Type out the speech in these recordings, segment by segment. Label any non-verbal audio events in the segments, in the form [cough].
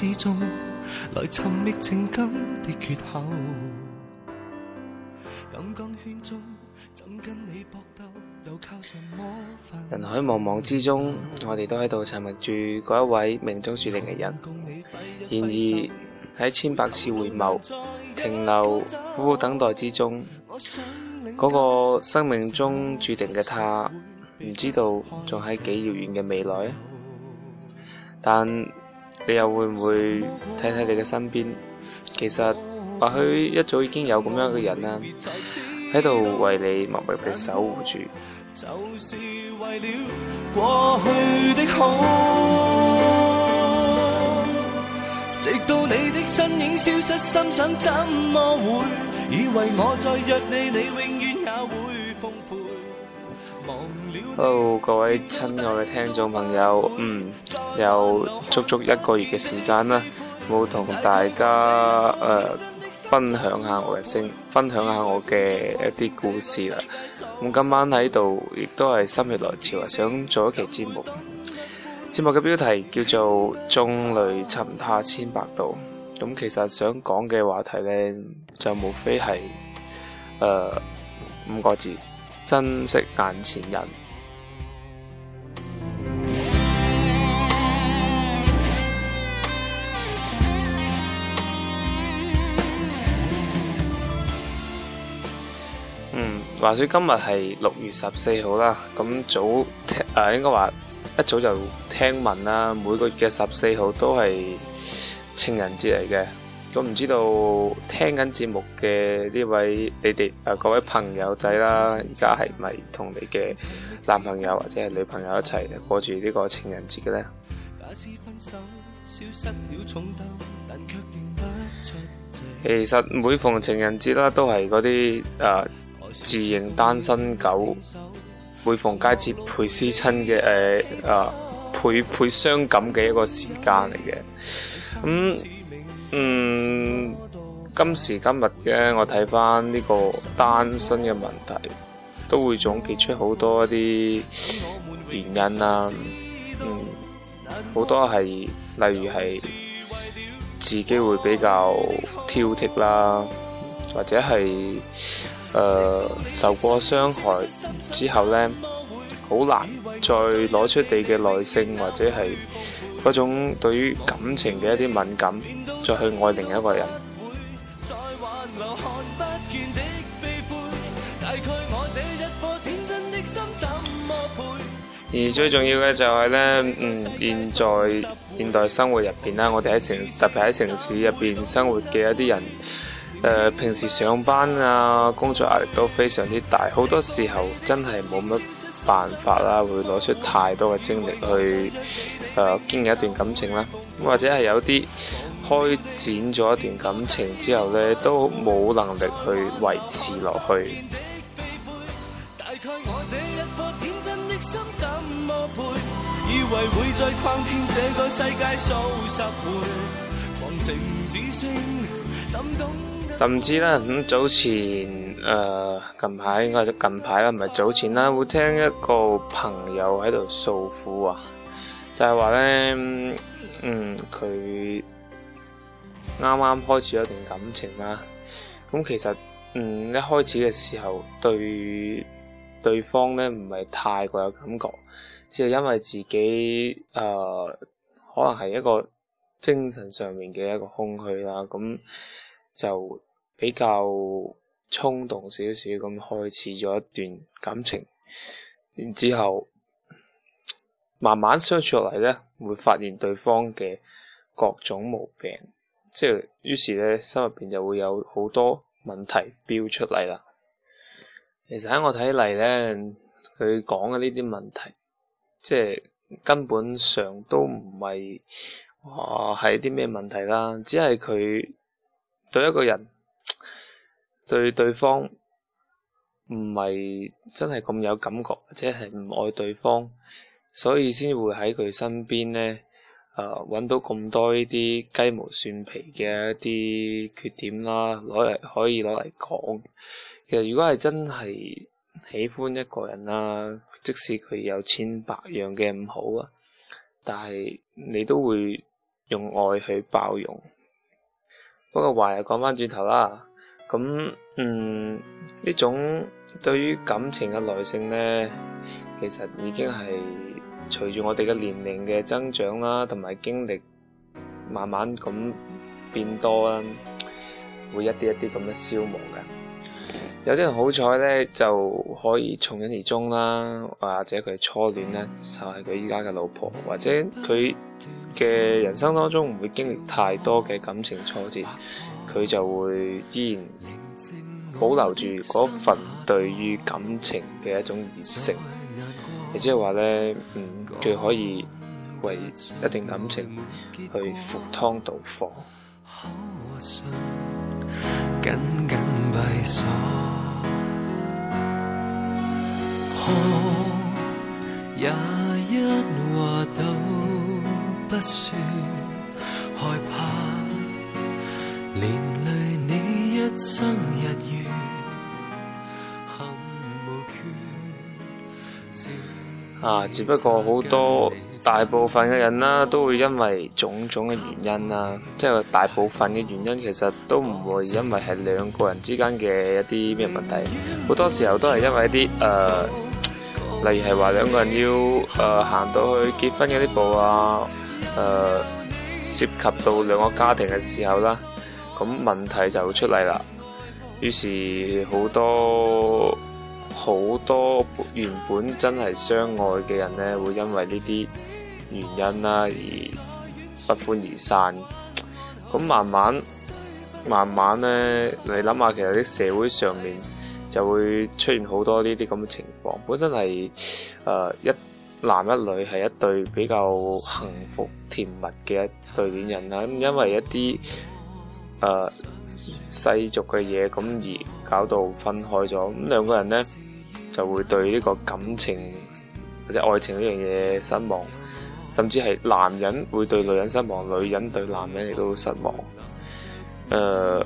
人海茫茫之中，我哋都喺度尋覓住嗰一位命中注定嘅人。然而喺千百次回眸、停留、苦苦等待之中，嗰個生命中注定嘅他，唔知道仲喺幾遙遠嘅未來，你又會唔會睇睇你嘅身邊？其實或許一早已經有咁樣嘅人啦，喺度為你默默嘅守護住。就是為了過去的好。直到你的身影消失，心想：「怎麼會？以為我再約你，你永遠也會奉陪。」Hello，各位親愛嘅聽眾朋友，嗯，有足足一個月嘅時間啦，冇同大家誒分享下我嘅聲，分享下我嘅一啲故事啦。咁今晚喺度亦都係心血來潮啊，想做一期節目。節目嘅標題叫做《眾裏尋他千百度》。咁其實想講嘅話題咧，就無非係誒五個字。珍惜眼前人。嗯，話說今日係六月十四號啦，咁早誒，應該話一早就聽聞啦，每個月嘅十四號都係情人節嚟嘅。都唔知道聽緊節目嘅呢位你哋誒、呃、各位朋友仔啦，而家係咪同你嘅男朋友或者係女朋友一齊過住呢個情人節嘅咧？其實每逢情人節啦，都係嗰啲誒自認單身狗每逢佳節倍思親嘅誒啊倍倍傷感嘅一個時間嚟嘅。咁嗯。嗯今時今日嘅我睇翻呢個單身嘅問題，都會總結出好多一啲原因啦、啊。嗯，好多係例如係自己會比較挑剔啦，或者係誒、呃、受過傷害之後咧，好難再攞出你嘅耐性，或者係嗰種對於感情嘅一啲敏感，再去愛另一個人。而最重要嘅就係咧，嗯，現在現代生活入邊啦，我哋喺城特別喺城市入邊生活嘅一啲人，誒、呃，平時上班啊，工作壓力都非常之大，好多時候真係冇乜辦法啦，會攞出太多嘅精力去誒經營一段感情啦，或者係有啲開展咗一段感情之後咧，都冇能力去維持落去。甚至啦，咁、嗯、早前，誒、呃，近排應該係近排啦，唔係早前啦，會聽一個朋友喺度訴苦啊，就係話咧，嗯，佢啱啱開始一段感情啦、啊，咁、嗯、其實，嗯，一開始嘅時候對對方咧唔係太過有感覺，只係因為自己誒、呃、可能係一個精神上面嘅一個空虛啦，咁就比較衝動少少咁開始咗一段感情，然之後慢慢相處落嚟咧，會發現對方嘅各種毛病，即係於是咧心入邊就會有好多問題飆出嚟啦。其實喺我睇嚟咧，佢講嘅呢啲問題，即係根本上都唔係話係啲咩問題啦，只係佢對一個人對對方唔係真係咁有感覺，或者係唔愛對方，所以先會喺佢身邊咧，誒、呃、揾到咁多呢啲雞毛蒜皮嘅一啲缺點啦，攞嚟可以攞嚟講。其實如果係真係喜歡一個人啦，即使佢有千百樣嘅唔好啊，但係你都會用愛去包容。 [music] 不過話又講返轉頭啦，咁嗯呢種對於感情嘅耐性咧，其實已經係隨住我哋嘅年齡嘅增長啦，同埋經歷慢慢咁變多啦，會一啲一啲咁樣消磨嘅。有啲人好彩咧，就可以從一而終啦，或者佢初戀咧就係佢依家嘅老婆，或者佢嘅人生當中唔會經歷太多嘅感情挫折，佢就會依然保留住嗰份對於感情嘅一種熱誠，亦即係話咧，嗯，佢可以為一段感情去赴湯蹈火。跟跟也不害怕連累你一生啊！只不過好多大部分嘅人啦、啊，都會因為種種嘅原因啦、啊，即、就、係、是、大部分嘅原因其實都唔會因為係兩個人之間嘅一啲咩問題，好多時候都係因為一啲誒。呃例如係話兩個人要誒行、呃、到去結婚嗰啲步啊，誒、呃、涉及到兩個家庭嘅時候啦，咁問題就會出嚟啦。於是好多好多原本真係相愛嘅人咧，會因為呢啲原因啦、啊、而不歡而散。咁慢慢慢慢咧，你諗下其實啲社會上面。就會出現好多呢啲咁嘅情況。本身係誒、呃、一男一女係一對比較幸福甜蜜嘅一對戀人啦。咁因為一啲誒、呃、世俗嘅嘢，咁而搞到分開咗。咁兩個人咧就會對呢個感情或者愛情呢樣嘢失望，甚至係男人會對女人失望，女人對男人亦都失望。誒，好、呃、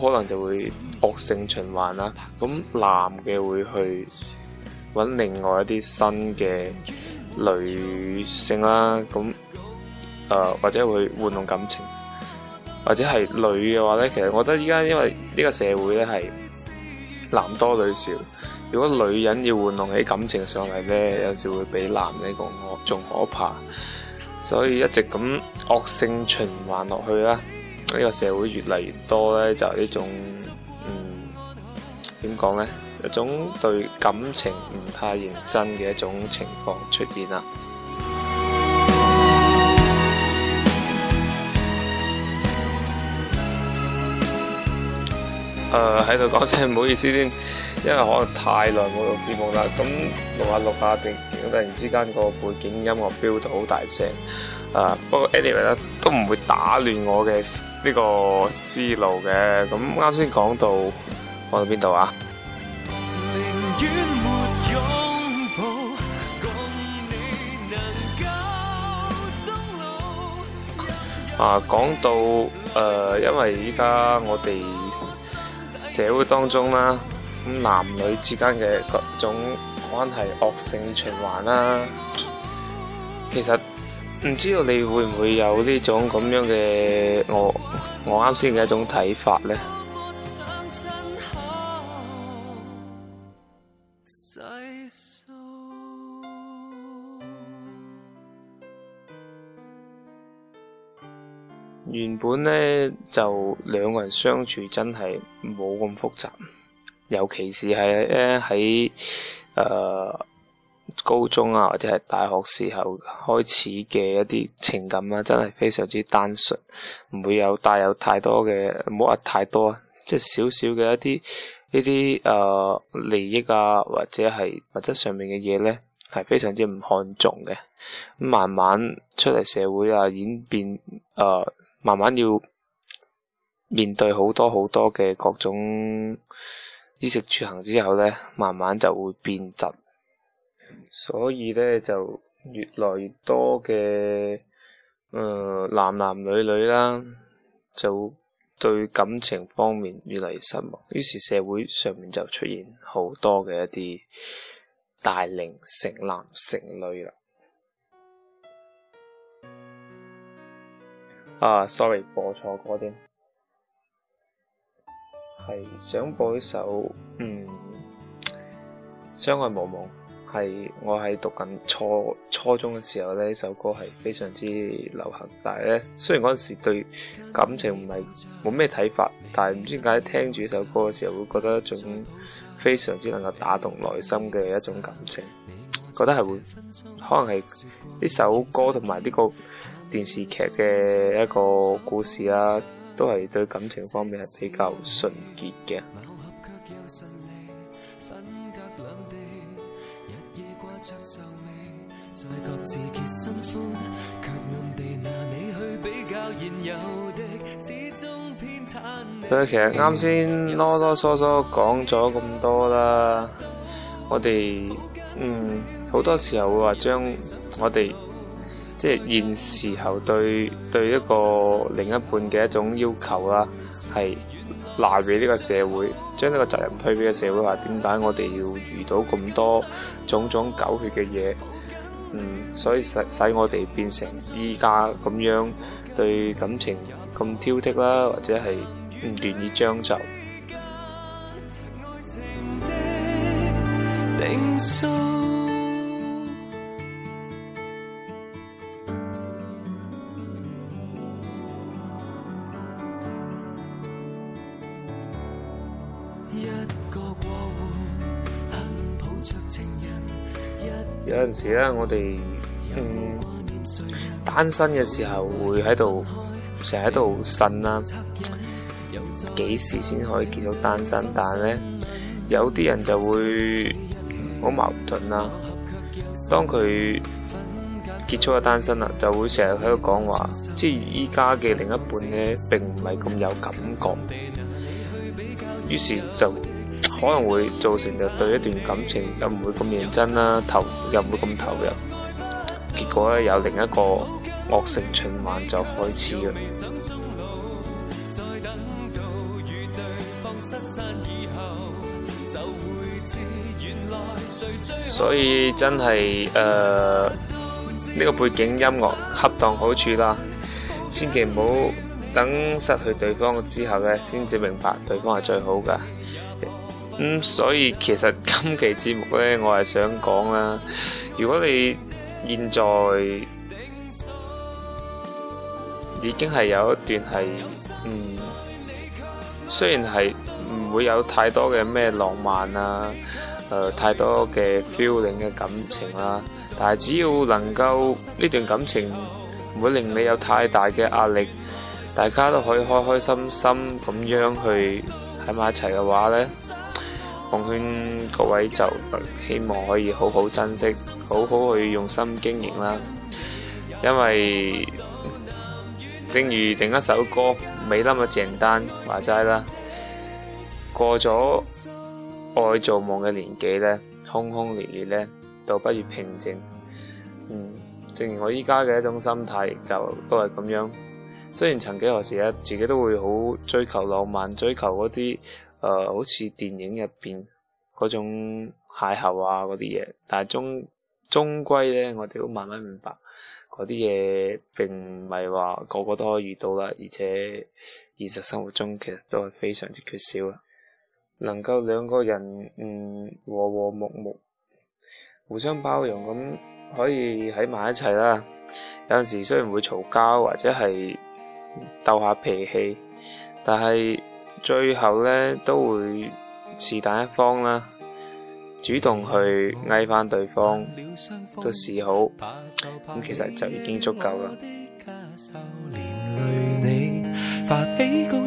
可能就會惡性循環啦。咁男嘅會去搵另外一啲新嘅女性啦。咁誒、呃，或者會玩弄感情，或者係女嘅話咧。其實我覺得依家因為呢個社會咧係男多女少，如果女人要玩弄起感情上嚟咧，有時會比男嘅講我仲可怕。所以一直咁惡性循環落去啦。呢個社會越嚟越多咧，就係呢種，嗯，點講咧？一種對感情唔太認真嘅一種情況出現啦。誒，喺 [noise] 度樂、uh, 講聲，唔好意思先，因為可能太耐冇錄節目啦，咁錄下錄下，突然之間個背景音樂飆到好大聲。誒，uh, anyway, 不過 anyway 咧，都唔會打亂我嘅呢、這個思路嘅。咁啱先講到講到邊度啊？啊、uh，講到誒，因為依家我哋社會當中啦，咁男女之間嘅各種關係惡性循環啦，其實。唔知道你會唔會有呢種咁樣嘅我我啱先嘅一種睇法呢？ [music] 原本呢，就兩個人相處真係冇咁複雜，尤其是係咧喺誒高中啊，或者係大學時候開始嘅一啲情感啊，真係非常之單純，唔會有帶有太多嘅，唔好話太多啊，即係少少嘅一啲呢啲誒利益啊，或者係物質上面嘅嘢咧，係非常之唔看重嘅。慢慢出嚟社會啊，演變誒、呃，慢慢要面對好多好多嘅各種衣食住行之後咧，慢慢就會變質。所以咧，就越來越多嘅誒、呃、男男女女啦，就對感情方面越嚟越失望，於是社會上面就出現好多嘅一啲大齡剩男剩女啦。啊、ah，sorry，播錯歌添，係想播一首嗯，相愛無望。係我喺讀緊初初中嘅時候咧，呢首歌係非常之流行。但係咧，雖然嗰陣時對感情唔係冇咩睇法，但係唔知點解聽住呢首歌嘅時候，會覺得一種非常之能夠打動內心嘅一種感情。覺得係會，可能係呢首歌同埋呢個電視劇嘅一個故事啊，都係對感情方面係比較純潔嘅。佢其實啱先囉囉嗦嗦講咗咁多啦，我哋，嗯，好多時候會話將我哋即係現時候對對一個另一半嘅一種要求啦，係拿俾呢個社會，將呢個責任推俾個社會，話點解我哋要遇到咁多種種狗血嘅嘢？嗯，所以使使我哋變成依家咁樣對感情咁挑剔啦，或者係唔願意將就。 [music] 嗰陣時啦，我哋嗯單身嘅時候會喺度成日喺度呻啦。幾時先可以見到單身？但係咧有啲人就會好矛盾啦。當佢結束咗單身啦，就會成日喺度講話，即係依家嘅另一半咧並唔係咁有感覺，於是就。可能會造成就對一段感情又唔會咁認真啦，投又唔會咁投入，結果咧有另一個惡性循環就開始啦。 [music] 所以真係誒呢個背景音樂恰當好處啦，千祈唔好等失去對方之後咧，先至明白對方係最好㗎。咁、嗯、所以其實今期節目咧，我係想講啦。如果你現在已經係有一段係，嗯，雖然係唔會有太多嘅咩浪漫啊，誒、呃，太多嘅 feeling 嘅感情啦、啊，但係只要能夠呢段感情唔會令你有太大嘅壓力，大家都可以開開心心咁樣去喺埋一齊嘅話咧，奉勸各位就希望可以好好珍惜，好好去用心經營啦。因為正如另一首歌《沒那麼簡單》話齋啦，過咗愛做夢嘅年紀咧，轟轟烈烈咧，倒不如平靜。嗯，正如我依家嘅一種心態，就都係咁樣。雖然曾幾何時啊，自己都會好追求浪漫，追求嗰啲。誒、呃，好似電影入邊嗰種邂逅啊，嗰啲嘢，但係終終歸咧，我哋都慢慢明白嗰啲嘢並唔係話個個都可以遇到啦，而且現實生活中其實都係非常之缺少啦。能夠兩個人，嗯，和和睦睦，互相包容咁可以喺埋一齊啦。有陣時雖然會嘈交或者係鬥下脾氣，但係。最後咧都會是但一方啦，主動去嗌翻對方都示好，咁、嗯、其實就已經足夠啦。連累你發起高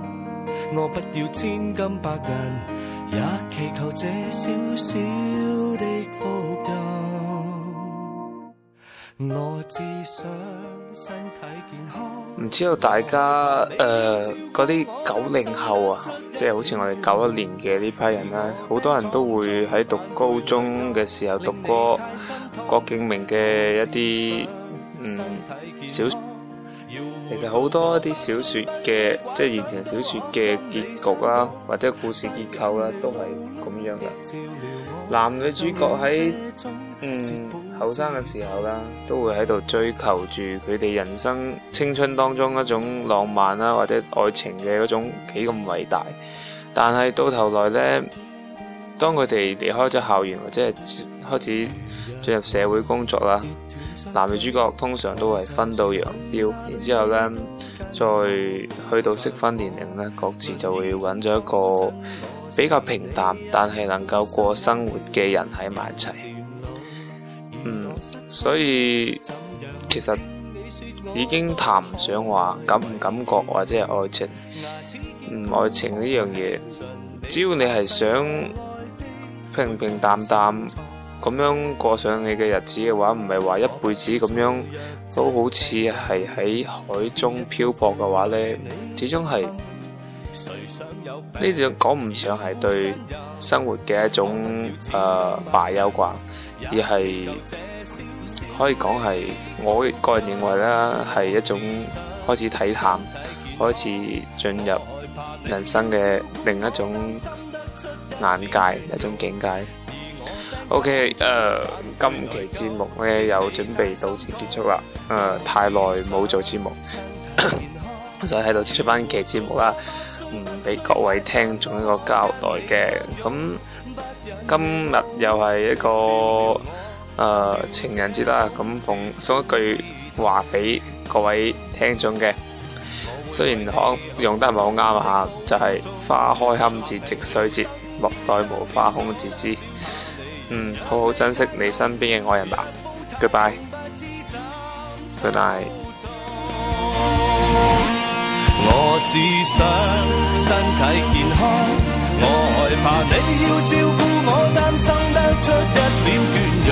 我我不要千金百銀，也祈求這小小的呼救。我只想身體健康。唔知道大家誒啲九零後啊，即係好似我哋九一年嘅呢批人啦，好多人都會喺讀高中嘅時候讀過郭敬明嘅一啲嗯小說。其實好多啲小說嘅，即係言情小說嘅結局啦，或者故事結構啦，都係咁樣嘅。男女主角喺嗯後生嘅時候啦，都會喺度追求住佢哋人生青春當中一種浪漫啦，或者愛情嘅嗰種幾咁偉大。但係到頭來呢，當佢哋離開咗校園或者係開始進入社會工作啦。男女主角通常都係分道揚鑣，然之後咧，再去到適婚年齡咧，各自就會揾咗一個比較平淡，但係能夠過生活嘅人喺埋一齊。嗯，所以其實已經談唔上話感唔感覺或者係愛情。嗯，愛情呢樣嘢，只要你係想平平淡淡。咁樣過上你嘅日子嘅話，唔係話一輩子咁樣都好似係喺海中漂泊嘅話咧，始終係呢種講唔上係對生活嘅一種誒敗憂掛，而係可以講係我個人認為啦，係一種開始體淡，開始進入人生嘅另一種眼界，一種境界。O.K.，誒、呃，今期節目咧又、呃、準備到此結束啦。誒、呃，太耐冇做節目，就喺度推出翻期節目啦，唔俾各位聽眾一個交代嘅。咁、嗯、今日又係一個誒、呃、情人節啦，咁、嗯、奉送一句話俾各位聽眾嘅。雖然可用得唔係好啱下，就係、是、花開堪折，直須折，莫待無花空折枝。嗯，好好珍惜你身邊嘅愛人吧。Goodbye，goodbye。我只想身體健康，我害怕你要照顧我，擔心得出一臉倦容，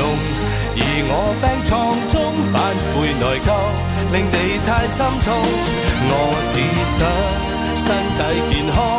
而我病牀中反悔內疚，令你太心痛。我只想身體健康。